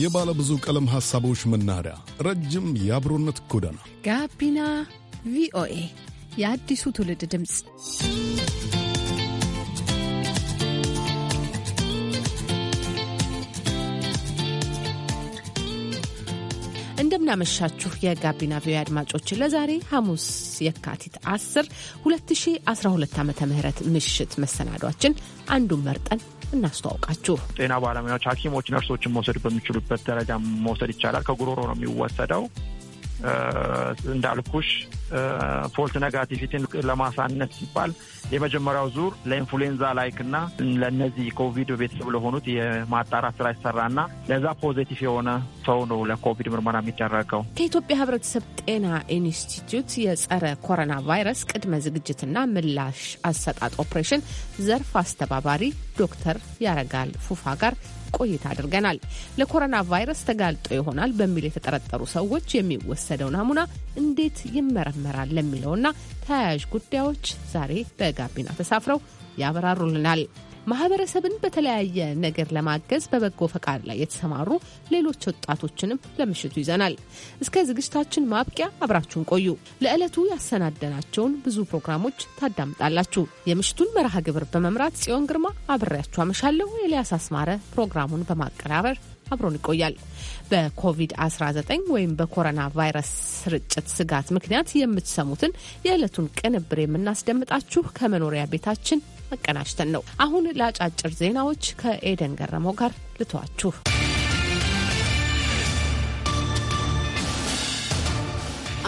የባለ ብዙ ቀለም ሐሳቦች መናኸሪያ፣ ረጅም የአብሮነት ጎዳና ጋቢና ቪኦኤ የአዲሱ ትውልድ ድምፅ። እንደምናመሻችሁ የጋቢና ቪኦኤ አድማጮች ለዛሬ ሐሙስ የካቲት 10 2012 ዓ ም ምሽት መሰናዷችን አንዱን መርጠን እናስተዋውቃችሁ። ጤና ባለሙያዎች፣ ሐኪሞች፣ ነርሶችን መውሰድ በሚችሉበት ደረጃ መውሰድ ይቻላል። ከጉሮሮ ነው የሚወሰደው። እንዳልኩሽ ፎልስ ኔጋቲቪቲን ለማሳነስ ሲባል የመጀመሪያው ዙር ለኢንፍሉዌንዛ ላይክና ለእነዚህ ኮቪድ ቤተሰብ ለሆኑት የማጣራት ስራ ይሰራና ለዛ ፖዘቲቭ የሆነ ሰው ነው ለኮቪድ ምርመራ የሚደረገው። ከኢትዮጵያ ሕብረተሰብ ጤና ኢንስቲትዩት የጸረ ኮሮና ቫይረስ ቅድመ ዝግጅትና ምላሽ አሰጣጥ ኦፕሬሽን ዘርፍ አስተባባሪ ዶክተር ያረጋል ፉፋ ጋር ቆይታ አድርገናል። ለኮሮና ቫይረስ ተጋልጦ ይሆናል በሚል የተጠረጠሩ ሰዎች የሚወሰደው ናሙና እንዴት ይመረመራል ለሚለውና ተያያዥ ጉዳዮች ዛሬ በ በጋቢና ተሳፍረው ያበራሩልናል። ማህበረሰብን በተለያየ ነገር ለማገዝ በበጎ ፈቃድ ላይ የተሰማሩ ሌሎች ወጣቶችንም ለምሽቱ ይዘናል። እስከ ዝግጅታችን ማብቂያ አብራችሁን ቆዩ። ለዕለቱ ያሰናደናቸውን ብዙ ፕሮግራሞች ታዳምጣላችሁ። የምሽቱን መርሃ ግብር በመምራት ጽዮን ግርማ አብሬያችሁ አመሻለሁ። ኤልያስ አስማረ ፕሮግራሙን በማቀራበር አብሮን ይቆያል። በኮቪድ-19 ወይም በኮሮና ቫይረስ ስርጭት ስጋት ምክንያት የምትሰሙትን የዕለቱን ቅንብር የምናስደምጣችሁ ከመኖሪያ ቤታችን መቀናጅተን ነው። አሁን ለአጫጭር ዜናዎች ከኤደን ገረመው ጋር ልተዋችሁ።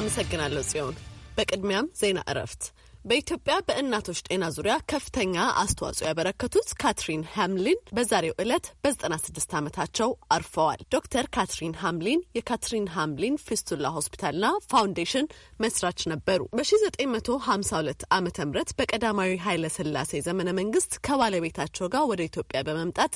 አመሰግናለሁ ጽዮን። በቅድሚያም ዜና እረፍት በኢትዮጵያ በእናቶች ጤና ዙሪያ ከፍተኛ አስተዋጽኦ ያበረከቱት ካትሪን ሃምሊን በዛሬው ዕለት በ96 ዓመታቸው አርፈዋል። ዶክተር ካትሪን ሃምሊን የካትሪን ሃምሊን ፊስቱላ ሆስፒታልና ፋውንዴሽን መስራች ነበሩ። በ1952 ዓ ም በቀዳማዊ ኃይለ ስላሴ ዘመነ መንግስት ከባለቤታቸው ጋር ወደ ኢትዮጵያ በመምጣት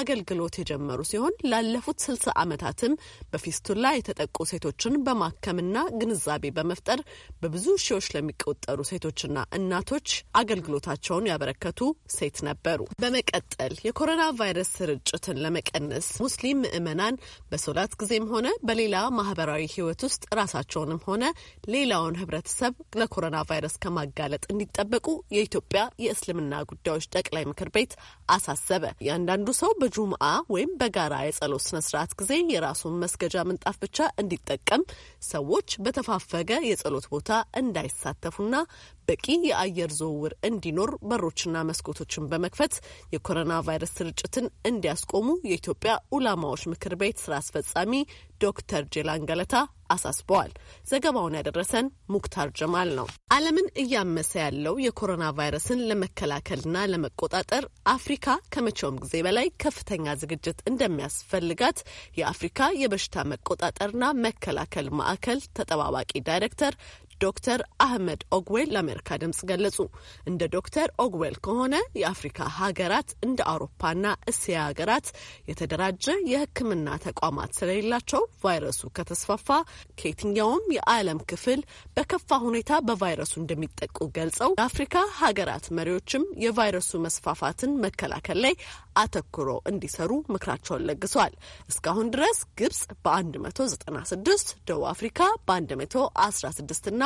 አገልግሎት የጀመሩ ሲሆን ላለፉት 60 ዓመታትም በፊስቱላ የተጠቁ ሴቶችን በማከምና ግንዛቤ በመፍጠር በብዙ ሺዎች ለሚቆጠሩ ሴቶች ። ሴቶችና እናቶች አገልግሎታቸውን ያበረከቱ ሴት ነበሩ። በመቀጠል የኮሮና ቫይረስ ስርጭትን ለመቀነስ ሙስሊም ምዕመናን በሶላት ጊዜም ሆነ በሌላ ማህበራዊ ህይወት ውስጥ ራሳቸውንም ሆነ ሌላውን ህብረተሰብ ለኮሮና ቫይረስ ከማጋለጥ እንዲጠበቁ የኢትዮጵያ የእስልምና ጉዳዮች ጠቅላይ ምክር ቤት አሳሰበ። እያንዳንዱ ሰው በጁምአ ወይም በጋራ የጸሎት ስነስርዓት ጊዜ የራሱን መስገጃ ምንጣፍ ብቻ እንዲጠቀም፣ ሰዎች በተፋፈገ የጸሎት ቦታ እንዳይሳተፉና በቂ የአየር ዝውውር እንዲኖር በሮችና መስኮቶችን በመክፈት የኮሮና ቫይረስ ስርጭትን እንዲያስቆሙ የኢትዮጵያ ኡላማዎች ምክር ቤት ስራ አስፈጻሚ ዶክተር ጄላን ገለታ አሳስበዋል። ዘገባውን ያደረሰን ሙክታር ጀማል ነው። ዓለምን እያመሰ ያለው የኮሮና ቫይረስን ለመከላከልና ለመቆጣጠር አፍሪካ ከመቼውም ጊዜ በላይ ከፍተኛ ዝግጅት እንደሚያስፈልጋት የአፍሪካ የበሽታ መቆጣጠርና መከላከል ማዕከል ተጠባባቂ ዳይሬክተር ዶክተር አህመድ ኦግዌል ለአሜሪካ ድምጽ ገለጹ። እንደ ዶክተር ኦግዌል ከሆነ የአፍሪካ ሀገራት እንደ አውሮፓና እስያ ሀገራት የተደራጀ የሕክምና ተቋማት ስለሌላቸው ቫይረሱ ከተስፋፋ ከየትኛውም የዓለም ክፍል በከፋ ሁኔታ በቫይረሱ እንደሚጠቁ ገልጸው የአፍሪካ ሀገራት መሪዎችም የቫይረሱ መስፋፋትን መከላከል ላይ አተኩሮ እንዲሰሩ ምክራቸውን ለግሰዋል። እስካሁን ድረስ ግብጽ በ196 ደቡብ አፍሪካ በ116 ና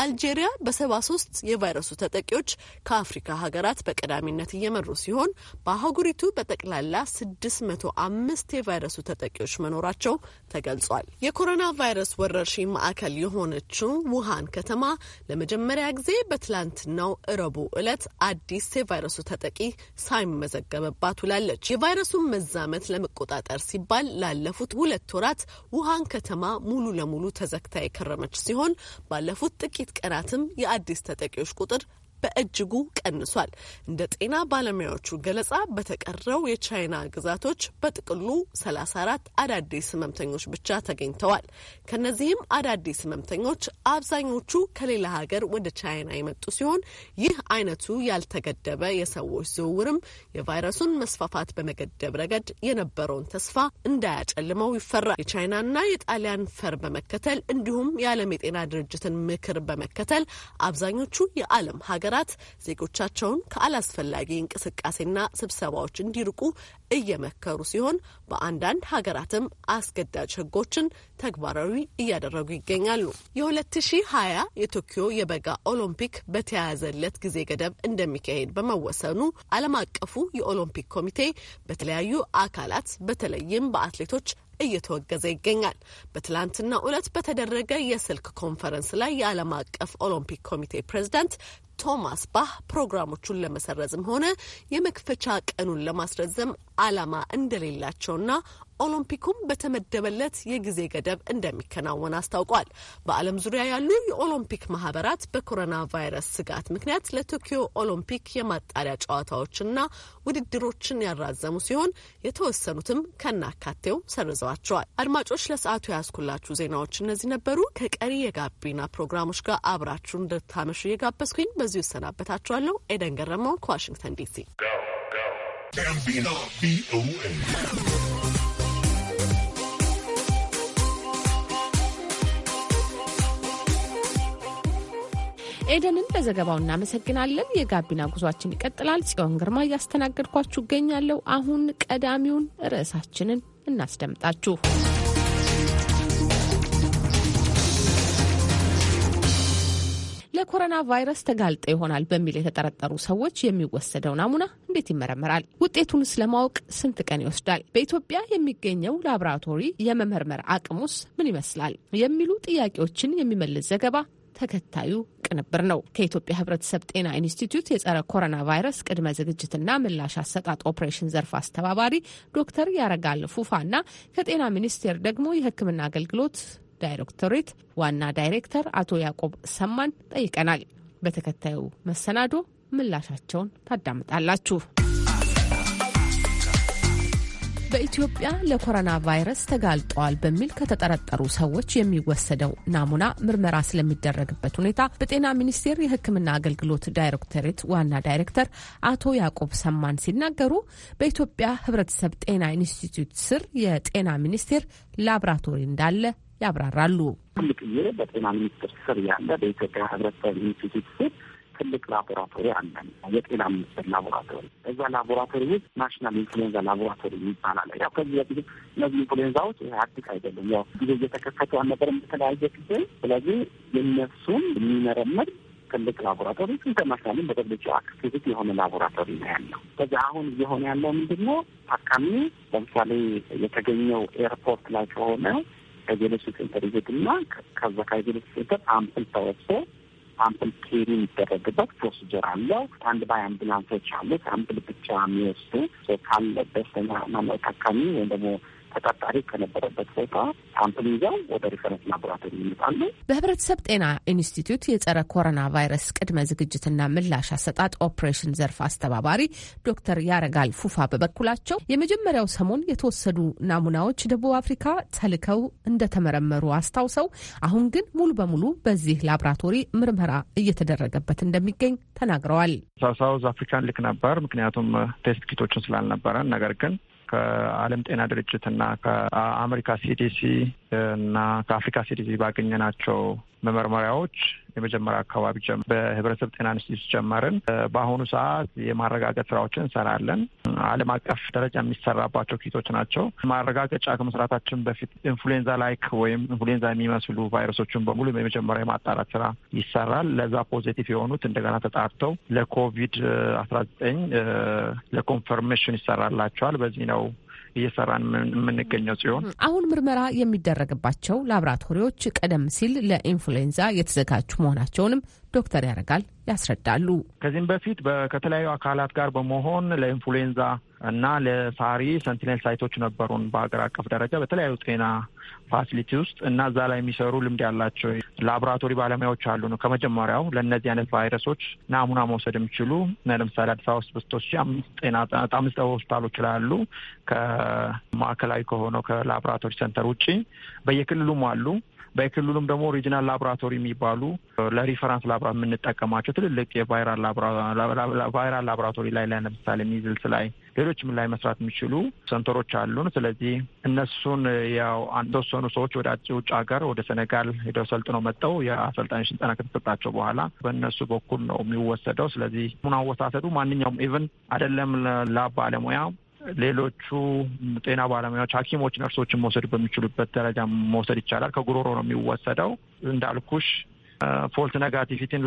አልጄሪያ በሰባ ሶስት የቫይረሱ ተጠቂዎች ከአፍሪካ ሀገራት በቀዳሚነት እየመሩ ሲሆን በአህጉሪቱ በጠቅላላ ስድስት መቶ አምስት የቫይረሱ ተጠቂዎች መኖራቸው ተገልጿል። የኮሮና ቫይረስ ወረርሽኝ ማዕከል የሆነችው ውሃን ከተማ ለመጀመሪያ ጊዜ በትላንትናው እረቡ ዕለት አዲስ የቫይረሱ ተጠቂ ሳይመዘገብባት ውላለች። የቫይረሱን መዛመት ለመቆጣጠር ሲባል ላለፉት ሁለት ወራት ውሃን ከተማ ሙሉ ለሙሉ ተዘግታ የከረመች ሲሆን ባለፉት ጥቂት ቀናትም የአዲስ ተጠቂዎች ቁጥር በእጅጉ ቀንሷል። እንደ ጤና ባለሙያዎቹ ገለጻ በተቀረው የቻይና ግዛቶች በጥቅሉ 34 አዳዲስ ህመምተኞች ብቻ ተገኝተዋል። ከነዚህም አዳዲስ ህመምተኞች አብዛኞቹ ከሌላ ሀገር ወደ ቻይና የመጡ ሲሆን ይህ አይነቱ ያልተገደበ የሰዎች ዝውውርም የቫይረሱን መስፋፋት በመገደብ ረገድ የነበረውን ተስፋ እንዳያጨልመው ይፈራል። የቻይናና የጣሊያን ፈር በመከተል እንዲሁም የዓለም የጤና ድርጅትን ምክር በመከተል አብዛኞቹ የዓለም ሀገራት ሀገራት ዜጎቻቸውን ከአላስፈላጊ እንቅስቃሴና ስብሰባዎች እንዲርቁ እየመከሩ ሲሆን በአንዳንድ ሀገራትም አስገዳጅ ሕጎችን ተግባራዊ እያደረጉ ይገኛሉ። የ2020 የቶኪዮ የበጋ ኦሎምፒክ በተያያዘለት ጊዜ ገደብ እንደሚካሄድ በመወሰኑ ዓለም አቀፉ የኦሎምፒክ ኮሚቴ በተለያዩ አካላት በተለይም በአትሌቶች እየተወገዘ ይገኛል። በትላንትና ዕለት በተደረገ የስልክ ኮንፈረንስ ላይ የዓለም አቀፍ ኦሎምፒክ ኮሚቴ ፕሬዝዳንት ቶማስ ባህ ፕሮግራሞቹን ለመሰረዝም ሆነ የመክፈቻ ቀኑን ለማስረዘም ዓላማ እንደሌላቸውና ኦሎምፒኩም በተመደበለት የጊዜ ገደብ እንደሚከናወን አስታውቋል። በዓለም ዙሪያ ያሉ የኦሎምፒክ ማህበራት በኮሮና ቫይረስ ስጋት ምክንያት ለቶኪዮ ኦሎምፒክ የማጣሪያ ጨዋታዎችና ውድድሮችን ያራዘሙ ሲሆን የተወሰኑትም ከናካቴው ሰርዘዋቸዋል። አድማጮች ለሰዓቱ የያዝኩላችሁ ዜናዎች እነዚህ ነበሩ። ከቀሪ የጋቢና ፕሮግራሞች ጋር አብራችሁ እንድታመሹ እየጋበዝኩኝ በዚሁ ይሰናበታችኋለሁ። ኤደን ገረመው ከዋሽንግተን ዲሲ ኤደንን ለዘገባው እናመሰግናለን። የጋቢና ጉዟችን ይቀጥላል። ጽዮን ግርማ እያስተናገድኳችሁ እገኛለሁ። አሁን ቀዳሚውን ርዕሳችንን እናስደምጣችሁ። ለኮሮና ቫይረስ ተጋልጠ ይሆናል በሚል የተጠረጠሩ ሰዎች የሚወሰደው ናሙና እንዴት ይመረመራል? ውጤቱንስ ለማወቅ ስንት ቀን ይወስዳል? በኢትዮጵያ የሚገኘው ላብራቶሪ የመመርመር አቅሙስ ምን ይመስላል? የሚሉ ጥያቄዎችን የሚመልስ ዘገባ ተከታዩ ቅንብር ነው። ከኢትዮጵያ ሕብረተሰብ ጤና ኢንስቲትዩት የጸረ ኮሮና ቫይረስ ቅድመ ዝግጅትና ምላሽ አሰጣጥ ኦፕሬሽን ዘርፍ አስተባባሪ ዶክተር ያረጋል ፉፋና ከጤና ሚኒስቴር ደግሞ የሕክምና አገልግሎት ዳይሬክቶሬት ዋና ዳይሬክተር አቶ ያዕቆብ ሰማን ጠይቀናል። በተከታዩ መሰናዶ ምላሻቸውን ታዳምጣላችሁ። በኢትዮጵያ ለኮሮና ቫይረስ ተጋልጠዋል በሚል ከተጠረጠሩ ሰዎች የሚወሰደው ናሙና ምርመራ ስለሚደረግበት ሁኔታ በጤና ሚኒስቴር የሕክምና አገልግሎት ዳይሬክቶሬት ዋና ዳይሬክተር አቶ ያዕቆብ ሰማን ሲናገሩ በኢትዮጵያ ሕብረተሰብ ጤና ኢንስቲትዩት ስር የጤና ሚኒስቴር ላብራቶሪ እንዳለ ያብራራሉ። ሁል ጊዜ በጤና ሚኒስቴር ስር ያለ በኢትዮጵያ ሕብረተሰብ ኢንስቲትዩት ስር ትልቅ ላቦራቶሪ አለን፣ የጤና ሚኒስቴር ላቦራቶሪ። እዛ ላቦራቶሪ ውስጥ ናሽናል ኢንፍሉዌንዛ ላቦራቶሪ ይባላል። ያው ከዚህ በፊት እነዚህ ኢንፍሉዌንዛዎች አዲስ አይደለም፣ ያው ጊዜ እየተከሰቱ አልነበረም በተለያየ ጊዜ። ስለዚህ የነሱን የሚመረምር ትልቅ ላቦራቶሪ ኢንተርናሽናልን በደብልጭ አክቲቪቲ የሆነ ላቦራቶሪ ነው ያለው። ከዚያ አሁን እየሆነ ያለው ምንድን ነው? ታካሚ ለምሳሌ የተገኘው ኤርፖርት ላይ ከሆነ ከቬሎሲቲ ሴንተር ይሄድና ከዛ ከቬሎሲቲ ሴንተር አምፕል ተወሶ ሳምፕል ክሊሪ የሚደረግበት ፕሮሲጀር አለ። አንድ ባይ አምቡላንሶች አሉ። ሳምፕል ብቻ የሚወስዱ ካለ በስተኛ ማመልካካሚ ወይም ደግሞ ተጠርጣሪ ከነበረበት ቦታ ሳምፕል ይዘው ወደ ሪፈረንስ ላቦራቶሪ ይመጣሉ። በህብረተሰብ ጤና ኢንስቲትዩት የጸረ ኮሮና ቫይረስ ቅድመ ዝግጅትና ምላሽ አሰጣጥ ኦፕሬሽን ዘርፍ አስተባባሪ ዶክተር ያረጋል ፉፋ በበኩላቸው የመጀመሪያው ሰሞን የተወሰዱ ናሙናዎች ደቡብ አፍሪካ ተልከው እንደተመረመሩ አስታውሰው አሁን ግን ሙሉ በሙሉ በዚህ ላቦራቶሪ ምርመራ እየተደረገበት እንደሚገኝ ተናግረዋል። ሳውዝ አፍሪካን ልክ ነበር፣ ምክንያቱም ቴስት ኪቶችን ስላልነበረን ነገር ግን ከዓለም ጤና ድርጅት እና ከአሜሪካ ሲዲሲ እና ከአፍሪካ ሲዲሲ ባገኘናቸው መመርመሪያዎች የመጀመሪያ አካባቢ በህብረተሰብ ጤና ኢንስቲትዩት ጀመርን። በአሁኑ ሰዓት የማረጋገጥ ስራዎችን እንሰራለን። ዓለም አቀፍ ደረጃ የሚሰራባቸው ኪቶች ናቸው። ማረጋገጫ ከመስራታችን በፊት ኢንፍሉዌንዛ ላይክ ወይም ኢንፍሉዌንዛ የሚመስሉ ቫይረሶችን በሙሉ የመጀመሪያ የማጣራት ስራ ይሰራል። ለዛ ፖዚቲቭ የሆኑት እንደገና ተጣርተው ለኮቪድ አስራ ዘጠኝ ለኮንፈርሜሽን ይሰራላቸዋል። በዚህ ነው እየሰራን የምንገኘው ሲሆን አሁን ምርመራ የሚደረግባቸው ላብራቶሪዎች ቀደም ሲል ለኢንፍሉዌንዛ የተዘጋጁ መሆናቸውንም ዶክተር ያረጋል ያስረዳሉ። ከዚህም በፊት ከተለያዩ አካላት ጋር በመሆን ለኢንፍሉዌንዛ እና ለሳሪ ሰንቲኔል ሳይቶች ነበሩን በሀገር አቀፍ ደረጃ በተለያዩ ጤና ፋሲሊቲ ውስጥ እና እዛ ላይ የሚሰሩ ልምድ ያላቸው ላቦራቶሪ ባለሙያዎች አሉ ነው። ከመጀመሪያው ለእነዚህ አይነት ቫይረሶች ናሙና መውሰድ የሚችሉ ለምሳሌ አዲስ አበባ ውስጥ በስቶች ጤና አምስት ሆስፒታሎች ላይ አሉ። ከማዕከላዊ ከሆነው ከላቦራቶሪ ሰንተር ውጪ በየክልሉም አሉ። በክልሉም ደግሞ ኦሪጂናል ላቦራቶሪ የሚባሉ ለሪፈራንስ ላብራ የምንጠቀማቸው ትልልቅ የቫይራል ላቦራቶሪ ላይ ላይ ለምሳሌ ሚዝልስ ላይ ሌሎችም ላይ መስራት የሚችሉ ሰንተሮች አሉን። ስለዚህ እነሱን ያው የተወሰኑ ሰዎች ወደ ውጭ ሀገር ወደ ሴኔጋል ሄደው ሰልጥነው መጠው የአሰልጣኞች ስልጠና ከተሰጣቸው በኋላ በእነሱ በኩል ነው የሚወሰደው። ስለዚህ ሙን አወሳሰዱ ማንኛውም ኢቨን አይደለም ላብ ባለሙያ ሌሎቹ ጤና ባለሙያዎች፣ ሐኪሞች፣ ነርሶችን መውሰድ በሚችሉበት ደረጃ መውሰድ ይቻላል። ከጉሮሮ ነው የሚወሰደው እንዳልኩሽ ፎልት ነጋቲቪቲን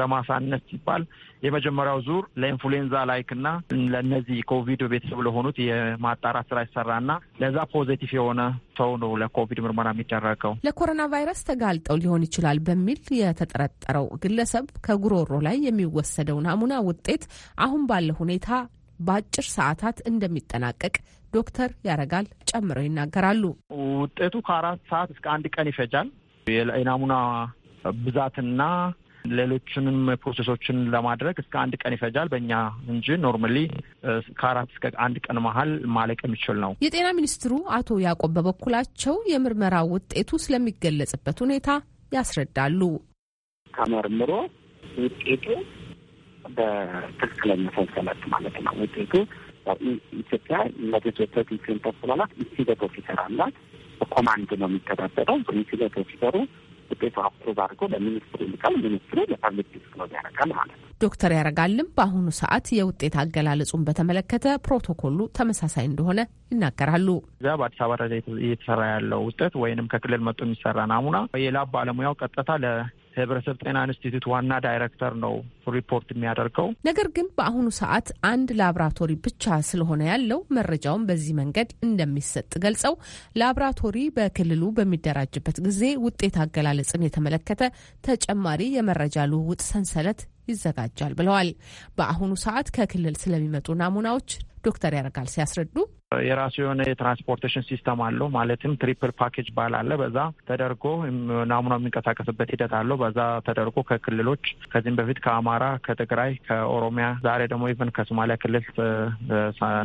ለማሳነስ ሲባል የመጀመሪያው ዙር ለኢንፍሉዌንዛ ላይክ እና ለእነዚህ ኮቪድ ቤተሰብ ለሆኑት የማጣራት ስራ ይሰራና ለዛ ፖዘቲቭ የሆነ ሰው ነው ለኮቪድ ምርመራ የሚደረገው። ለኮሮና ቫይረስ ተጋልጠው ሊሆን ይችላል በሚል የተጠረጠረው ግለሰብ ከጉሮሮ ላይ የሚወሰደው ናሙና ውጤት አሁን ባለ ሁኔታ በአጭር ሰዓታት እንደሚጠናቀቅ ዶክተር ያረጋል ጨምረው ይናገራሉ። ውጤቱ ከአራት ሰዓት እስከ አንድ ቀን ይፈጃል። የናሙና ብዛትና ሌሎችንም ፕሮሴሶችን ለማድረግ እስከ አንድ ቀን ይፈጃል። በእኛ እንጂ ኖርማሊ ከአራት እስከ አንድ ቀን መሀል ማለቅ የሚችል ነው። የጤና ሚኒስትሩ አቶ ያዕቆብ በበኩላቸው የምርመራ ውጤቱ ስለሚገለጽበት ሁኔታ ያስረዳሉ። ከምርምሮ ውጤቱ በትክክለኛ ሰንሰለት ማለት ነው። ውጤቱ ኢትዮጵያ ለጀጀበት ኢንሲደንት አስተላላት ኢንሲደንት ኦፊሰር አላት። በኮማንድ ነው የሚተዳደረው። ኢንሲደንት ኦፊሰሩ ውጤቱ አፕሩቭ አድርጎ ለሚኒስትሩ ይልካል። ሚኒስትሩ ለፐብሊክ ዲስክሎዝ ያደርጋል ማለት ነው። ዶክተር ያረጋልም በአሁኑ ሰዓት የውጤት አገላለጹን በተመለከተ ፕሮቶኮሉ ተመሳሳይ እንደሆነ ይናገራሉ። እዚያ በአዲስ አበባ ደረጃ እየተሰራ ያለው ውጤት ወይንም ከክልል መጡ የሚሰራ ናሙና የላብ ባለሙያው ቀጥታ የህብረተሰብ ጤና ኢንስቲትዩት ዋና ዳይሬክተር ነው ሪፖርት የሚያደርገው። ነገር ግን በአሁኑ ሰዓት አንድ ላብራቶሪ ብቻ ስለሆነ ያለው መረጃውን በዚህ መንገድ እንደሚሰጥ ገልጸው ላብራቶሪ በክልሉ በሚደራጅበት ጊዜ ውጤት አገላለጽን የተመለከተ ተጨማሪ የመረጃ ልውውጥ ሰንሰለት ይዘጋጃል ብለዋል። በአሁኑ ሰዓት ከክልል ስለሚመጡ ናሙናዎች ዶክተር ያረጋል ሲያስረዱ የራሱ የሆነ የትራንስፖርቴሽን ሲስተም አለው። ማለትም ትሪፕል ፓኬጅ ባል አለ። በዛ ተደርጎ ናሙና የሚንቀሳቀስበት ሂደት አለው። በዛ ተደርጎ ከክልሎች ከዚህም በፊት ከአማራ፣ ከትግራይ፣ ከኦሮሚያ ዛሬ ደግሞ ኢቨን ከሶማሊያ ክልል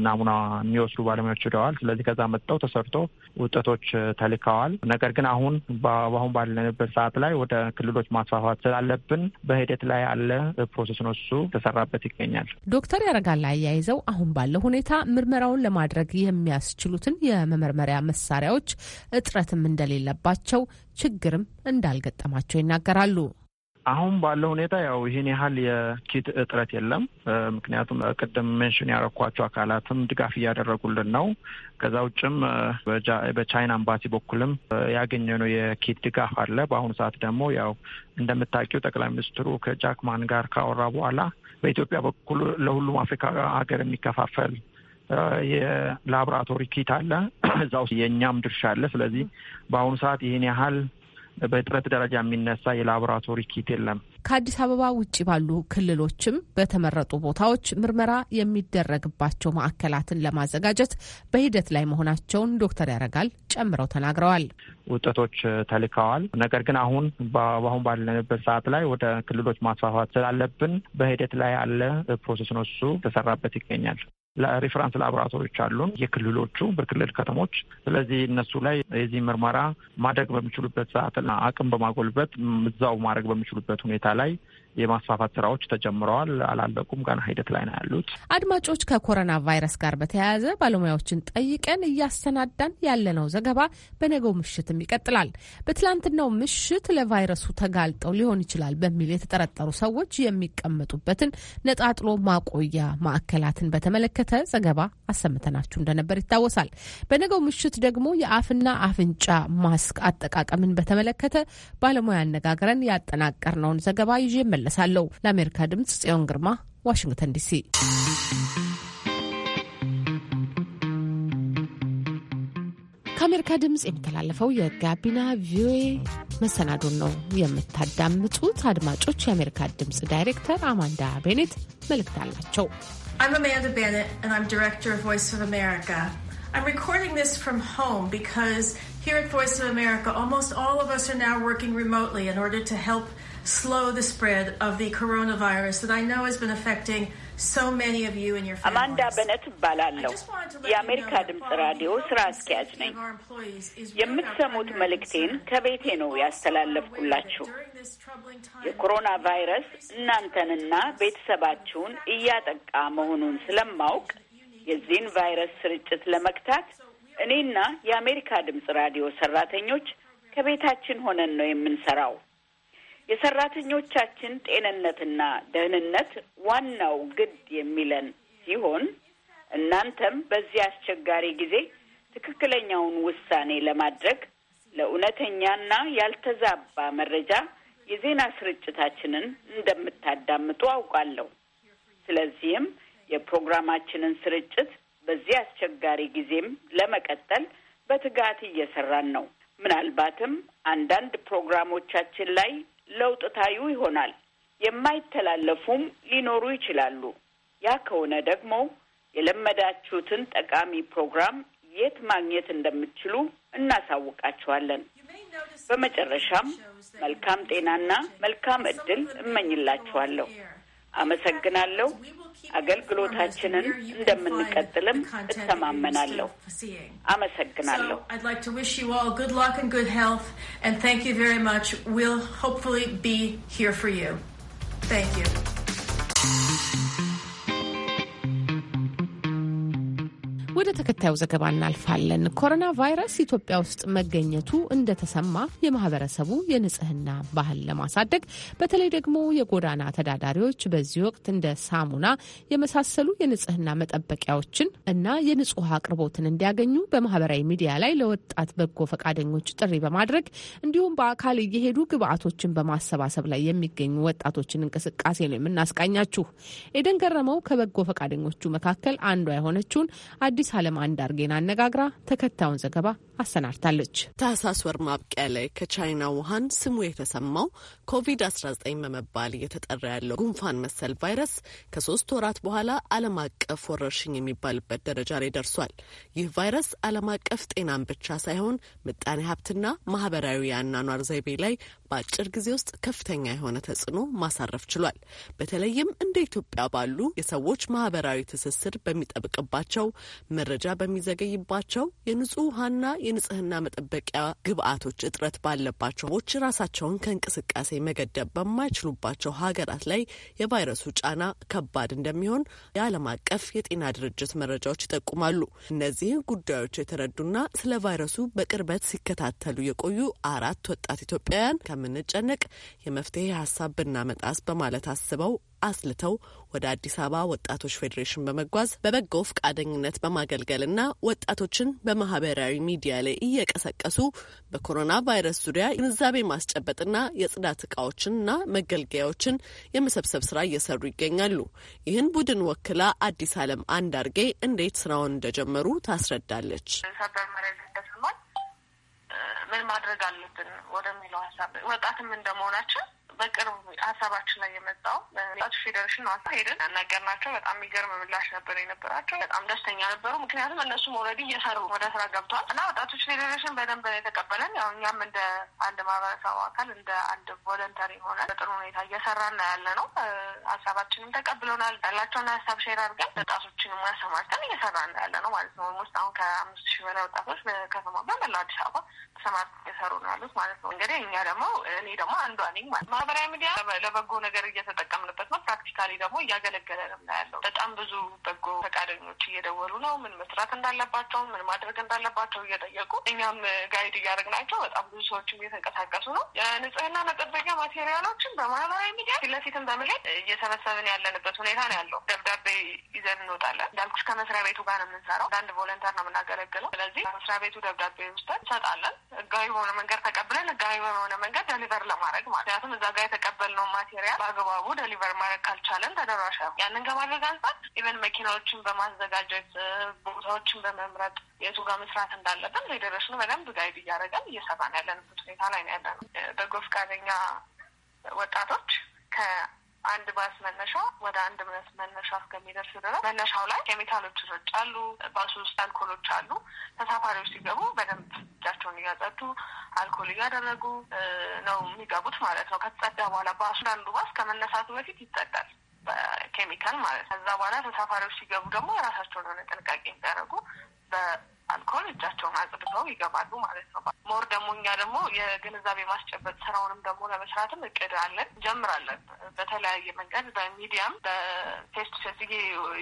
ናሙና የሚወስዱ ባለሙያዎች ሄደዋል። ስለዚህ ከዛ መጥተው ተሰርቶ ውጤቶች ተልከዋል። ነገር ግን አሁን በአሁን ባለንበት ሰዓት ላይ ወደ ክልሎች ማስፋፋት ስላለብን በሂደት ላይ ያለ ፕሮሴስ ነው። እሱ ተሰራበት ይገኛል። ዶክተር ያረጋላ አያይዘው አሁን ባለው ሁኔታ ምርመራውን ለማድረግ የሚያስችሉትን የመመርመሪያ መሳሪያዎች እጥረትም እንደሌለባቸው ችግርም እንዳልገጠማቸው ይናገራሉ። አሁን ባለው ሁኔታ ያው ይህን ያህል የኪት እጥረት የለም። ምክንያቱም ቅድም ሜንሽን ያረኳቸው አካላትም ድጋፍ እያደረጉልን ነው። ከዛ ውጭም በቻይና አምባሲ በኩልም ያገኘነው የኪት ድጋፍ አለ። በአሁኑ ሰዓት ደግሞ ያው እንደምታውቂው ጠቅላይ ሚኒስትሩ ከጃክማን ጋር ካወራ በኋላ በኢትዮጵያ በኩል ለሁሉም አፍሪካ ሀገር የሚከፋፈል የላቦራቶሪ ኪት አለ። እዛ ውስጥ የእኛም ድርሻ አለ። ስለዚህ በአሁኑ ሰዓት ይህን ያህል በጥረት ደረጃ የሚነሳ የላቦራቶሪ ኪት የለም። ከአዲስ አበባ ውጭ ባሉ ክልሎችም በተመረጡ ቦታዎች ምርመራ የሚደረግባቸው ማዕከላትን ለማዘጋጀት በሂደት ላይ መሆናቸውን ዶክተር ያረጋል ጨምረው ተናግረዋል። ውጤቶች ተልከዋል። ነገር ግን አሁን በአሁን ባለንበት ሰዓት ላይ ወደ ክልሎች ማስፋፋት ስላለብን በሂደት ላይ ያለ ፕሮሴስ ነው። እሱ ተሰራበት ይገኛል። ለሪፈራንስ ላቦራቶሪዎች አሉን የክልሎቹ በክልል ከተሞች። ስለዚህ እነሱ ላይ የዚህ ምርመራ ማድረግ በሚችሉበት ሰዓት አቅም በማጎልበት እዛው ማድረግ በሚችሉበት ሁኔታ ላይ የማስፋፋት ስራዎች ተጀምረዋል፣ አላለቁም፣ ገና ሂደት ላይ ነው ያሉት። አድማጮች፣ ከኮሮና ቫይረስ ጋር በተያያዘ ባለሙያዎችን ጠይቀን እያሰናዳን ያለነው ዘገባ በነገው ምሽትም ይቀጥላል። በትላንትናው ምሽት ለቫይረሱ ተጋልጠው ሊሆን ይችላል በሚል የተጠረጠሩ ሰዎች የሚቀመጡበትን ነጣጥሎ ማቆያ ማዕከላትን በተመለከተ ዘገባ አሰምተናችሁ እንደነበር ይታወሳል። በነገው ምሽት ደግሞ የአፍና አፍንጫ ማስክ አጠቃቀምን በተመለከተ ባለሙያ አነጋግረን ያጠናቀርነውን ዘገባ ይዤ እመለሳለሁ። ለአሜሪካ ድምጽ ጽዮን ግርማ፣ ዋሽንግተን ዲሲ። ከአሜሪካ ድምጽ የሚተላለፈው የጋቢና ቪኦኤ መሰናዶን ነው የምታዳምጡት። አድማጮች፣ የአሜሪካ ድምፅ ዳይሬክተር አማንዳ ቤኔት መልእክት አላቸው። I'm recording this from home because here at Voice of America, almost all of us are now working remotely in order to help slow the spread of the coronavirus that I know has been affecting አማንዳ በነት እባላለሁ። የአሜሪካ ድምፅ ራዲዮ ስራ አስኪያጅ ነኝ። የምትሰሙት መልእክቴን ከቤቴ ነው ያስተላለፍኩላችሁ። የኮሮና ቫይረስ እናንተንና ቤተሰባችሁን እያጠቃ መሆኑን ስለማውቅ የዚህን ቫይረስ ስርጭት ለመግታት እኔና የአሜሪካ ድምፅ ራዲዮ ሰራተኞች ከቤታችን ሆነን ነው የምንሰራው። የሰራተኞቻችን ጤንነትና ደህንነት ዋናው ግድ የሚለን ሲሆን እናንተም በዚህ አስቸጋሪ ጊዜ ትክክለኛውን ውሳኔ ለማድረግ ለእውነተኛና ያልተዛባ መረጃ የዜና ስርጭታችንን እንደምታዳምጡ አውቃለሁ። ስለዚህም የፕሮግራማችንን ስርጭት በዚህ አስቸጋሪ ጊዜም ለመቀጠል በትጋት እየሰራን ነው። ምናልባትም አንዳንድ ፕሮግራሞቻችን ላይ ለውጥ ታዩ ይሆናል። የማይተላለፉም ሊኖሩ ይችላሉ። ያ ከሆነ ደግሞ የለመዳችሁትን ጠቃሚ ፕሮግራም የት ማግኘት እንደምትችሉ እናሳውቃችኋለን። በመጨረሻም መልካም ጤናና መልካም እድል እመኝላችኋለሁ። አመሰግናለሁ። አገልግሎታችንን እንደምንቀጥልም እተማመናለሁ። አመሰግናለሁ። Thank you. ወደ ተከታዩ ዘገባ እናልፋለን። ኮሮና ቫይረስ ኢትዮጵያ ውስጥ መገኘቱ እንደተሰማ የማህበረሰቡ የንጽህና ባህል ለማሳደግ በተለይ ደግሞ የጎዳና ተዳዳሪዎች በዚህ ወቅት እንደ ሳሙና የመሳሰሉ የንጽህና መጠበቂያዎችን እና የንጹህ አቅርቦትን እንዲያገኙ በማህበራዊ ሚዲያ ላይ ለወጣት በጎ ፈቃደኞች ጥሪ በማድረግ እንዲሁም በአካል እየሄዱ ግብአቶችን በማሰባሰብ ላይ የሚገኙ ወጣቶችን እንቅስቃሴ ነው የምናስቃኛችሁ። ኤደን ገረመው ከበጎ ፈቃደኞቹ መካከል አንዷ የሆነችውን አዲስ አለም አንዳርጌን አነጋግራ ተከታዩን ዘገባ አሰናድታለች። ታህሳስ ወር ማብቂያ ላይ ከቻይና ውሃን ስሙ የተሰማው ኮቪድ-19 በመባል እየተጠራ ያለው ጉንፋን መሰል ቫይረስ ከሶስት ወራት በኋላ ዓለም አቀፍ ወረርሽኝ የሚባልበት ደረጃ ላይ ደርሷል። ይህ ቫይረስ ዓለም አቀፍ ጤናን ብቻ ሳይሆን ምጣኔ ሀብትና ማህበራዊ የአኗኗር ዘይቤ ላይ በአጭር ጊዜ ውስጥ ከፍተኛ የሆነ ተጽዕኖ ማሳረፍ ችሏል። በተለይም እንደ ኢትዮጵያ ባሉ የሰዎች ማህበራዊ ትስስር በሚጠብቅባቸው፣ መረጃ በሚዘገይባቸው፣ የንጹህ ውሃና የንጽህና መጠበቂያ ግብአቶች እጥረት ባለባቸው ቦች ራሳቸውን ከእንቅስቃሴ መገደብ በማይችሉባቸው ሀገራት ላይ የቫይረሱ ጫና ከባድ እንደሚሆን የዓለም አቀፍ የጤና ድርጅት መረጃዎች ይጠቁማሉ። እነዚህ ጉዳዮች የተረዱና ስለ ቫይረሱ በቅርበት ሲከታተሉ የቆዩ አራት ወጣት ኢትዮጵያውያን ከምንጨነቅ የመፍትሄ ሀሳብ ብናመጣስ በማለት አስበው አስልተው ወደ አዲስ አበባ ወጣቶች ፌዴሬሽን በመጓዝ በበጎ ፈቃደኝነት በማገልገልና ወጣቶችን በማህበራዊ ሚዲያ ላይ እየቀሰቀሱ በኮሮና ቫይረስ ዙሪያ ግንዛቤ ማስጨበጥና የጽዳት እቃዎችንና መገልገያዎችን የመሰብሰብ ስራ እየሰሩ ይገኛሉ። ይህን ቡድን ወክላ አዲስ አለም አንዳርጌ እንዴት ስራውን እንደጀመሩ ታስረዳለች። ምን ማድረግ አለብን ወደሚለው ሀሳብ ወጣትም እንደመሆናችን በቅርብ ሀሳባችን ላይ የመጣው ጣቱ ፌዴሬሽን ነው። ሄደን ያናገርናቸው በጣም የሚገርም ምላሽ ነበር የነበራቸው። በጣም ደስተኛ ነበሩ። ምክንያቱም እነሱም ኦልሬዲ እየሰሩ ወደ ስራ ገብቷል እና ወጣቶች ፌዴሬሽን በደንብ ነው የተቀበለን። ያው እኛም እንደ አንድ ማህበረሰቡ አካል እንደ አንድ ቮለንተሪ ሆነ በጥሩ ሁኔታ እየሰራን ያለ ነው። ሀሳባችንም ተቀብለናል። ያላቸውን ሀሳብ ሼር አድርገን ወጣቶችንም ያሰማርተን እየሰራን ያለ ነው ማለት ነው። ኦልሞስት አሁን ከአምስት ሺህ በላይ ወጣቶች በከተማ በመላ አዲስ አበባ ተሰማርተው እየሰሩ ነው ያሉት ማለት ነው። እንግዲህ እኛ ደግሞ እኔ ደግሞ አንዷ ነኝ ማለት ማህበራዊ ሚዲያ ለበጎ ነገር እየተጠቀምንበት ነው። ፕራክቲካሊ ደግሞ እያገለገለ ነው ያለው። በጣም ብዙ በጎ ፈቃደኞች እየደወሉ ነው፣ ምን መስራት እንዳለባቸው፣ ምን ማድረግ እንዳለባቸው እየጠየቁ እኛም ጋይድ እያደረግናቸው በጣም ብዙ ሰዎችም እየተንቀሳቀሱ ነው። የንጽህና መጠበቂያ ማቴሪያሎችን በማህበራዊ ሚዲያ ፊት ለፊትም በመሄድ እየሰበሰብን ያለንበት ሁኔታ ነው ያለው። ደብዳቤ ይዘን እንወጣለን። እንዳልኩሽ ከመስሪያ ቤቱ ጋር ነው የምንሰራው። አንድ ቮለንተር ነው የምናገለግለው። ስለዚህ ከመስሪያ ቤቱ ደብዳቤ ውስጠን እንሰጣለን። ህጋዊ በሆነ መንገድ ተቀብለን ህጋዊ በሆነ መንገድ ደሊቨር ለማድረግ ማለት ምክንያቱም እዛ ዋጋ የተቀበልነው ማቴሪያል በአግባቡ ደሊቨር ማድረግ ካልቻለን ተደራሽ ነው። ያንን ከማድረግ አንጻር ኢቨን መኪናዎችን በማዘጋጀት ቦታዎችን በመምረጥ የቱ ጋር መስራት እንዳለብን ፌዴሬሽኑ በደንብ ጋይድ እያደረገን እየሰራን ያለንበት ሁኔታ ላይ ነው ያለ ነው። በጎ ፈቃደኛ ወጣቶች አንድ ባስ መነሻ ወደ አንድ ብረት መነሻ እስከሚደርስ ድረስ መነሻው ላይ ኬሚካሎች ይረጫሉ። ባሱ ውስጥ አልኮሎች አሉ። ተሳፋሪዎች ሲገቡ በደንብ እጃቸውን እያጸዱ አልኮል እያደረጉ ነው የሚገቡት ማለት ነው። ከተጸዳ በኋላ ባሱ አንዱ ባስ ከመነሳቱ በፊት ይጸዳል በኬሚካል ማለት ነው። ከዛ በኋላ ተሳፋሪዎች ሲገቡ ደግሞ የራሳቸውን የሆነ ጥንቃቄ የሚያደርጉ አልኮል እጃቸውን አጽድተው ይገባሉ ማለት ነው። ሞር ደግሞ እኛ ደግሞ የግንዛቤ ማስጨበጥ ስራውንም ደግሞ ለመስራትም እቅድ አለን፣ ጀምራለን። በተለያየ መንገድ በሚዲያም በፌስ ቱ ፌስ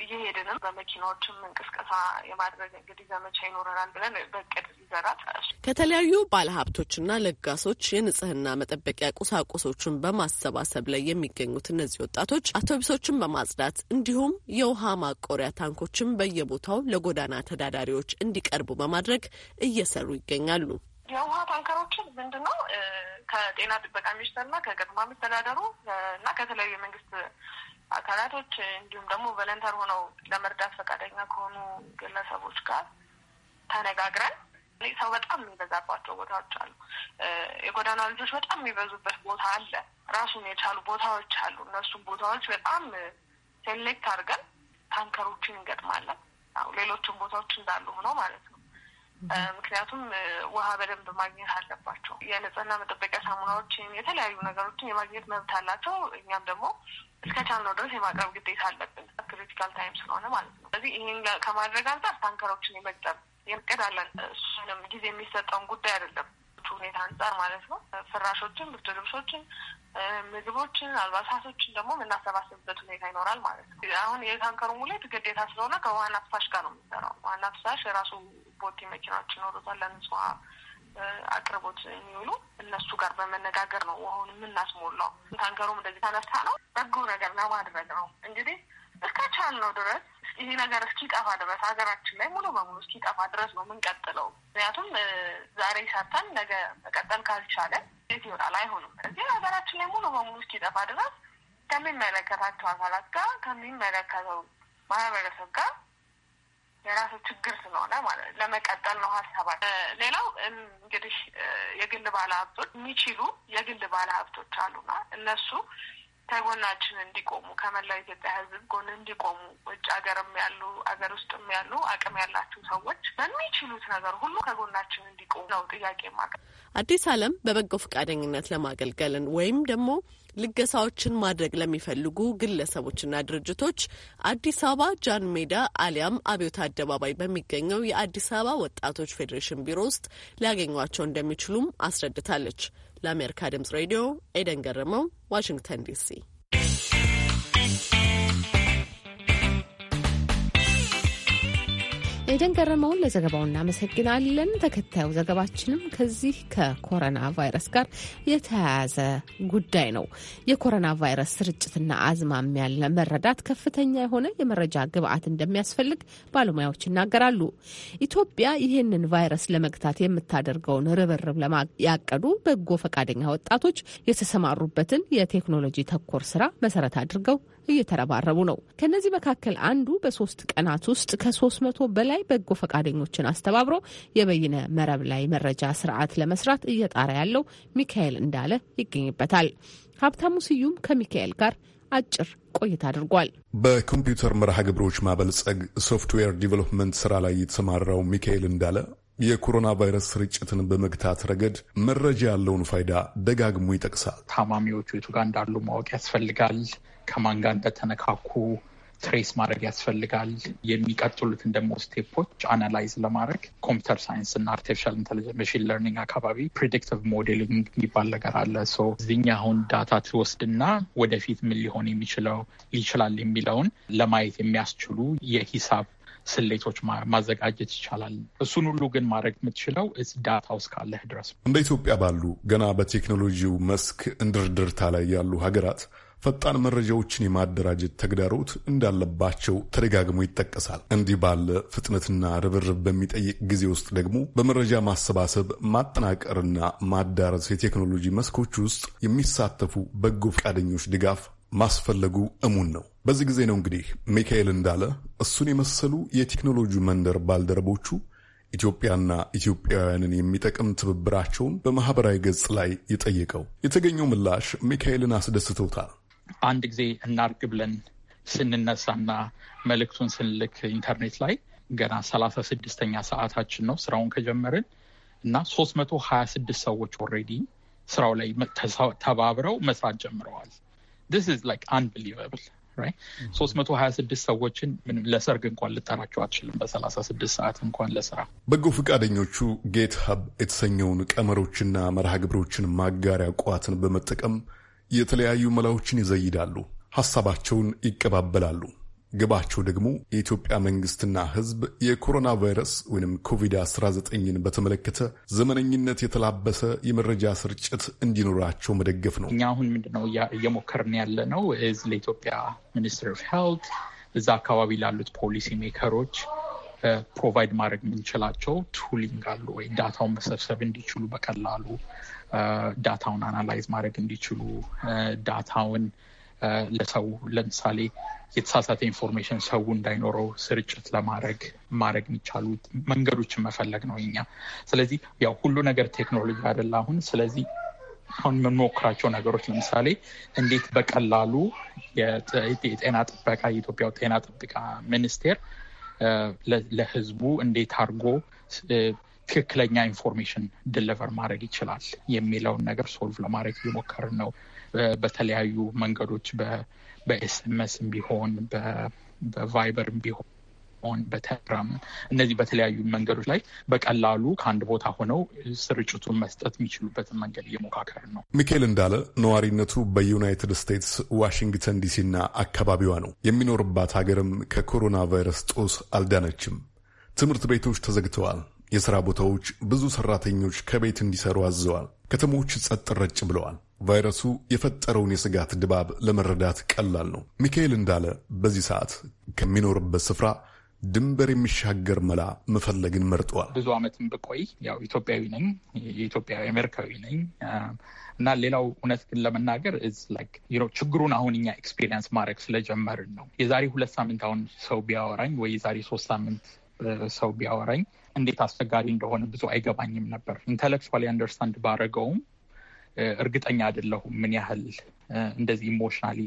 እየሄድንም በመኪናዎችም እንቅስቀሳ የማድረግ እንግዲህ ዘመቻ ይኖረናል ብለን በእቅድ ይዘራት ከተለያዩ ባለሀብቶችና ለጋሶች የንጽህና መጠበቂያ ቁሳቁሶችን በማሰባሰብ ላይ የሚገኙት እነዚህ ወጣቶች አውቶቡሶችን በማጽዳት እንዲሁም የውሃ ማቆሪያ ታንኮችን በየቦታው ለጎዳና ተዳዳሪዎች እንዲቀ እንዲቀርቡ በማድረግ እየሰሩ ይገኛሉ። የውሃ ታንከሮችን ምንድነው ከጤና ጥበቃ ሚኒስቴርና ከከተማ መስተዳደሩ እና ከተለያዩ የመንግስት አካላቶች እንዲሁም ደግሞ ቨለንተር ሆነው ለመርዳት ፈቃደኛ ከሆኑ ግለሰቦች ጋር ተነጋግረን ሰው በጣም የሚበዛባቸው ቦታዎች አሉ። የጎዳና ልጆች በጣም የሚበዙበት ቦታ አለ። ራሱን የቻሉ ቦታዎች አሉ። እነሱም ቦታዎች በጣም ሴሌክት አድርገን ታንከሮችን እንገጥማለን። ሌሎችም ቦታዎች እንዳሉ ሆኖ ማለት ነው። ምክንያቱም ውሃ በደንብ ማግኘት አለባቸው። የንጽህና መጠበቂያ ሳሙናዎችን፣ የተለያዩ ነገሮችን የማግኘት መብት አላቸው። እኛም ደግሞ እስከ ቻልነው ድረስ የማቅረብ ግዴታ አለብን፣ ክሪቲካል ታይም ስለሆነ ማለት ነው። ስለዚህ ይህን ከማድረግ አንጻር ታንከሮችን የመቅጠም የመቀዳለን እሱንም ጊዜ የሚሰጠውን ጉዳይ አይደለም ሁኔታ አንጻር ማለት ነው ፍራሾችን፣ ብርድ ልብሶችን፣ ምግቦችን፣ አልባሳቶችን ደግሞ የምናሰባስብበት ሁኔታ ይኖራል ማለት ነው። አሁን የታንከሩ ሙሌት ግዴታ ስለሆነ ከዋና ፍሳሽ ጋር ነው የሚሰራው። ዋና ፍሳሽ የራሱ ቦቲ መኪናዎች ይኖሩታል ለንጽዋ አቅርቦት የሚውሉ እነሱ ጋር በመነጋገር ነው አሁን የምናስሞላው። ታንከሩም እንደዚህ ተነሳ ነው በጎ ነገር ለማድረግ ነው እንግዲህ እስከቻል ነው ድረስ ይሄ ነገር እስኪጠፋ ድረስ ሀገራችን ላይ ሙሉ በሙሉ እስኪጠፋ ድረስ ነው የምንቀጥለው። ምክንያቱም ዛሬ ሰርተን ነገ መቀጠል ካልቻለ የት ይሆናል? አይሆንም። እዚህ ሀገራችን ላይ ሙሉ በሙሉ እስኪጠፋ ድረስ ከሚመለከታቸው አካላት ጋር ከሚመለከተው ማህበረሰብ ጋር የራሱ ችግር ስለሆነ ማለት ለመቀጠል ነው ሀሳባት። ሌላው እንግዲህ የግል ባለ ሀብቶች የሚችሉ የግል ባለ ሀብቶች አሉና እነሱ ከጎናችን እንዲቆሙ ከመላው ኢትዮጵያ ሕዝብ ጎን እንዲቆሙ ውጭ ሀገርም ያሉ ሀገር ውስጥም ያሉ አቅም ያላቸው ሰዎች በሚችሉት ነገር ሁሉ ከጎናችን እንዲቆሙ ነው ጥያቄ ማቀ አዲስ ዓለም በበጎ ፈቃደኝነት ለማገልገልን ወይም ደግሞ ልገሳዎችን ማድረግ ለሚፈልጉ ግለሰቦችና ድርጅቶች አዲስ አበባ ጃን ሜዳ አሊያም አብዮት አደባባይ በሚገኘው የአዲስ አበባ ወጣቶች ፌዴሬሽን ቢሮ ውስጥ ሊያገኟቸው እንደሚችሉም አስረድታለች። ለአሜሪካ ድምጽ ሬዲዮ ኤደን ገረመው፣ ዋሽንግተን ዲሲ ኤደን ገረመውን ለዘገባው እናመሰግናለን። ተከታዩ ዘገባችንም ከዚህ ከኮሮና ቫይረስ ጋር የተያያዘ ጉዳይ ነው። የኮሮና ቫይረስ ስርጭትና አዝማሚያ ለመረዳት ከፍተኛ የሆነ የመረጃ ግብዓት እንደሚያስፈልግ ባለሙያዎች ይናገራሉ። ኢትዮጵያ ይህንን ቫይረስ ለመግታት የምታደርገውን ርብርብ ያቀዱ በጎ ፈቃደኛ ወጣቶች የተሰማሩበትን የቴክኖሎጂ ተኮር ስራ መሰረት አድርገው እየተረባረቡ ነው። ከነዚህ መካከል አንዱ በሶስት ቀናት ውስጥ ከሶስት መቶ በላይ በጎ ፈቃደኞችን አስተባብሮ የበይነ መረብ ላይ መረጃ ስርዓት ለመስራት እየጣረ ያለው ሚካኤል እንዳለ ይገኝበታል። ሀብታሙ ስዩም ከሚካኤል ጋር አጭር ቆይታ አድርጓል። በኮምፒውተር መርሃ ግብሮች ማበልጸግ ሶፍትዌር ዲቨሎፕመንት ስራ ላይ የተሰማራው ሚካኤል እንዳለ የኮሮና ቫይረስ ስርጭትን በመግታት ረገድ መረጃ ያለውን ፋይዳ ደጋግሞ ይጠቅሳል። ታማሚዎቹ የቱ ጋር እንዳሉ ማወቅ ያስፈልጋል። ከማን ጋር እንደተነካኩ ትሬስ ማድረግ ያስፈልጋል። የሚቀጥሉትን ደግሞ ስቴፖች አናላይዝ ለማድረግ ኮምፒውተር ሳይንስ እና አርቲፊሻል ኢንቴሊጀንስ መሽን ለርኒንግ አካባቢ ፕሪዲክቲቭ ሞዴሊንግ የሚባል ነገር አለ። ሶ እዚኛ አሁን ዳታ ትወስድና ወደፊት ምን ሊሆን የሚችለው ይችላል የሚለውን ለማየት የሚያስችሉ የሂሳብ ስሌቶች ማዘጋጀት ይቻላል። እሱን ሁሉ ግን ማድረግ የምትችለው እዚህ ዳታ ውስጥ ካለህ ድረስ። እንደ ኢትዮጵያ ባሉ ገና በቴክኖሎጂው መስክ እንድርድርታ ላይ ያሉ ሀገራት ፈጣን መረጃዎችን የማደራጀት ተግዳሮት እንዳለባቸው ተደጋግሞ ይጠቀሳል። እንዲህ ባለ ፍጥነትና ርብርብ በሚጠይቅ ጊዜ ውስጥ ደግሞ በመረጃ ማሰባሰብ፣ ማጠናቀርና ማዳረስ የቴክኖሎጂ መስኮች ውስጥ የሚሳተፉ በጎ ፈቃደኞች ድጋፍ ማስፈለጉ እሙን ነው። በዚህ ጊዜ ነው እንግዲህ ሚካኤል እንዳለ እሱን የመሰሉ የቴክኖሎጂ መንደር ባልደረቦቹ ኢትዮጵያና ኢትዮጵያውያንን የሚጠቅም ትብብራቸውን በማህበራዊ ገጽ ላይ የጠየቀው። የተገኘው ምላሽ ሚካኤልን አስደስተውታል። አንድ ጊዜ እናርግ ብለን ስንነሳና መልእክቱን ስንልክ ኢንተርኔት ላይ ገና ሰላሳ ስድስተኛ ሰዓታችን ነው ስራውን ከጀመርን እና ሶስት መቶ ሀያ ስድስት ሰዎች ኦልሬዲ ስራው ላይ ተባብረው መስራት ጀምረዋል። ዲስ ኢዝ ላይክ አንቢሊቨብል ሶስት መቶ ሀያ ስድስት ሰዎችን ምንም ለሰርግ እንኳን ልጠራቸው አችልም፣ በሰላሳ ስድስት ሰዓት እንኳን ለስራ በጎ ፈቃደኞቹ ጌት ሀብ የተሰኘውን ቀመሮችና መርሃ ግብሮችን ማጋሪያ ቋትን በመጠቀም የተለያዩ መላዎችን ይዘይዳሉ፣ ሐሳባቸውን ይቀባበላሉ። ግባቸው ደግሞ የኢትዮጵያ መንግስትና ሕዝብ የኮሮና ቫይረስ ወይም ኮቪድ-19ን በተመለከተ ዘመነኝነት የተላበሰ የመረጃ ስርጭት እንዲኖራቸው መደገፍ ነው። እኛ አሁን ምንድነው እየሞከርን ያለ ነው እዚ ለኢትዮጵያ ሚኒስትር ኦፍ ሄልት እዛ አካባቢ ላሉት ፖሊሲ ሜከሮች ፕሮቫይድ ማድረግ የምንችላቸው ቱሊንግ አሉ ወይ ዳታውን መሰብሰብ እንዲችሉ በቀላሉ ዳታውን አናላይዝ ማድረግ እንዲችሉ ዳታውን ለሰው ለምሳሌ የተሳሳተ ኢንፎርሜሽን ሰው እንዳይኖረው ስርጭት ለማድረግ ማድረግ የሚቻሉ መንገዶችን መፈለግ ነው እኛ። ስለዚህ ያው ሁሉ ነገር ቴክኖሎጂ አይደለ አሁን። ስለዚህ አሁን የምንሞክራቸው ነገሮች ለምሳሌ እንዴት በቀላሉ የጤና ጥበቃ የኢትዮጵያ ጤና ጥበቃ ሚኒስቴር ለህዝቡ እንዴት አድርጎ ትክክለኛ ኢንፎርሜሽን ድልቨር ማድረግ ይችላል የሚለውን ነገር ሶልቭ ለማድረግ እየሞከርን ነው። በተለያዩ መንገዶች በኤስኤምኤስ ቢሆን በቫይበር ቢሆን ሆን እነዚህ በተለያዩ መንገዶች ላይ በቀላሉ ከአንድ ቦታ ሆነው ስርጭቱን መስጠት የሚችሉበትን መንገድ እየሞካከርን ነው። ሚካኤል እንዳለ ነዋሪነቱ በዩናይትድ ስቴትስ ዋሽንግተን ዲሲ እና አካባቢዋ ነው። የሚኖርባት ሀገርም ከኮሮና ቫይረስ ጦስ አልዳነችም። ትምህርት ቤቶች ተዘግተዋል። የሥራ ቦታዎች ብዙ ሠራተኞች ከቤት እንዲሠሩ አዘዋል። ከተሞች ጸጥ ረጭ ብለዋል። ቫይረሱ የፈጠረውን የስጋት ድባብ ለመረዳት ቀላል ነው። ሚካኤል እንዳለ በዚህ ሰዓት ከሚኖርበት ስፍራ ድንበር የሚሻገር መላ መፈለግን መርጠዋል። ብዙ ዓመትም ብቆይ ያው ኢትዮጵያዊ ነኝ፣ የኢትዮጵያ አሜሪካዊ ነኝ እና ሌላው እውነት ግን ለመናገር ችግሩን አሁን እኛ ኤክስፔሪንስ ማድረግ ስለጀመርን ነው። የዛሬ ሁለት ሳምንት አሁን ሰው ቢያወራኝ ወይ የዛሬ ሶስት ሳምንት ሰው ቢያወራኝ እንዴት አስቸጋሪ እንደሆነ ብዙ አይገባኝም ነበር። ኢንተሌክቹዋሊ አንደርስታንድ ባረገውም እርግጠኛ አይደለሁም ምን ያህል እንደዚህ ኢሞሽናሊ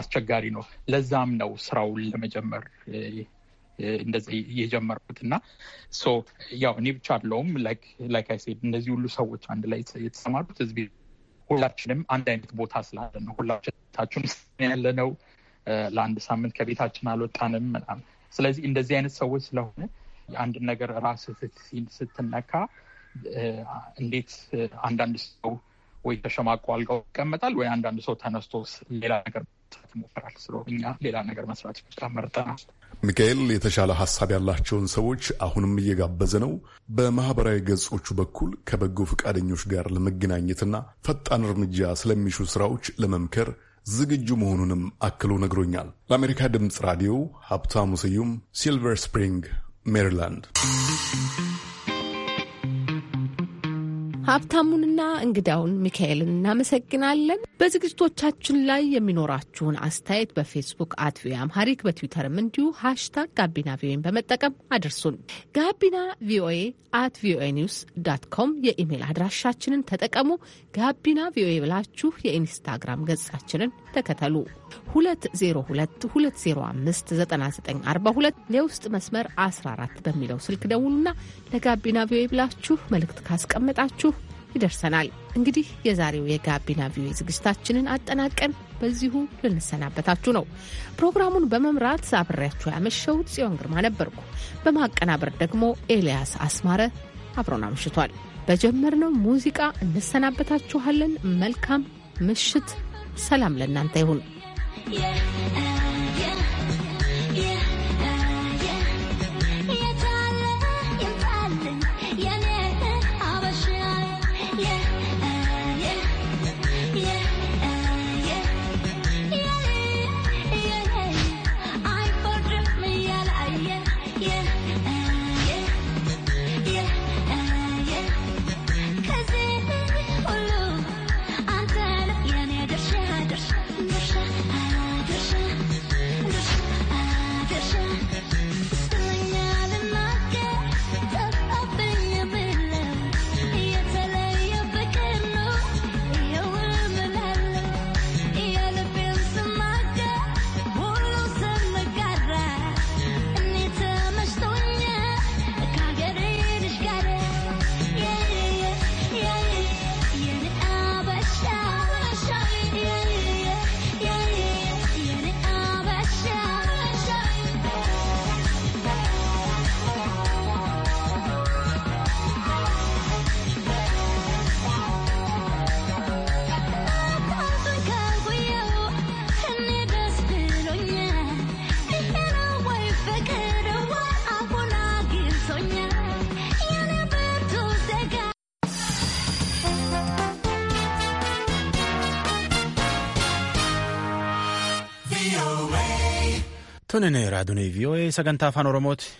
አስቸጋሪ ነው። ለዛም ነው ስራውን ለመጀመር እንደዚህ የጀመርኩት እና ያው እኔ ብቻ አለውም ላይክ አይ ሴድ እነዚህ ሁሉ ሰዎች አንድ ላይ የተሰማሩት ህዝቢ ሁላችንም አንድ አይነት ቦታ ስላለ ነው። ሁላችን ያለ ነው። ለአንድ ሳምንት ከቤታችን አልወጣንም ምናምን። ስለዚህ እንደዚህ አይነት ሰዎች ስለሆነ አንድ ነገር ራስ ስትነካ እንዴት አንዳንድ ሰው ወይ ተሸማቆ አልጋው ይቀመጣል ወይ አንዳንድ ሰው ተነስቶ ሌላ ነገር መስራት ይሞክራል። ስለ እኛ ሌላ ነገር መስራት መርጠናል። ሚካኤል የተሻለ ሀሳብ ያላቸውን ሰዎች አሁንም እየጋበዘ ነው። በማህበራዊ ገጾቹ በኩል ከበጎ ፈቃደኞች ጋር ለመገናኘትና ፈጣን እርምጃ ስለሚሹ ስራዎች ለመምከር ዝግጁ መሆኑንም አክሎ ነግሮኛል። ለአሜሪካ ድምፅ ራዲዮ ሀብታሙ ስዩም ሲልቨር ስፕሪንግ ሜሪላንድ። ሀብታሙንና እንግዳውን ሚካኤልን እናመሰግናለን። በዝግጅቶቻችን ላይ የሚኖራችሁን አስተያየት በፌስቡክ አት ቪኦኤ አምሃሪክ በትዊተርም እንዲሁ ሃሽታግ ጋቢና ቪኦኤን በመጠቀም አድርሱን። ጋቢና ቪኦኤ አት ቪኦኤ ኒውስ ዳት ኮም የኢሜይል አድራሻችንን ተጠቀሙ። ጋቢና ቪኦኤ ብላችሁ የኢንስታግራም ገጻችንን ተከተሉ። 2022059942 የውስጥ መስመር 14 በሚለው ስልክ ደውሉና ለጋቢና ቪኦኤ ብላችሁ መልእክት ካስቀመጣችሁ ይደርሰናል። እንግዲህ የዛሬው የጋቢና ቪኦኤ ዝግጅታችንን አጠናቀን በዚሁ ልንሰናበታችሁ ነው። ፕሮግራሙን በመምራት አብሬያችሁ ያመሸሁት ጽዮን ግርማ ነበርኩ። በማቀናበር ደግሞ ኤልያስ አስማረ አብሮን አምሽቷል። በጀመርነው ሙዚቃ እንሰናበታችኋለን። መልካም ምሽት። ሰላም ለእናንተ ይሁን። Yeah. Tunin eh, raadoonii VOA sagantaa afaan Oromooti.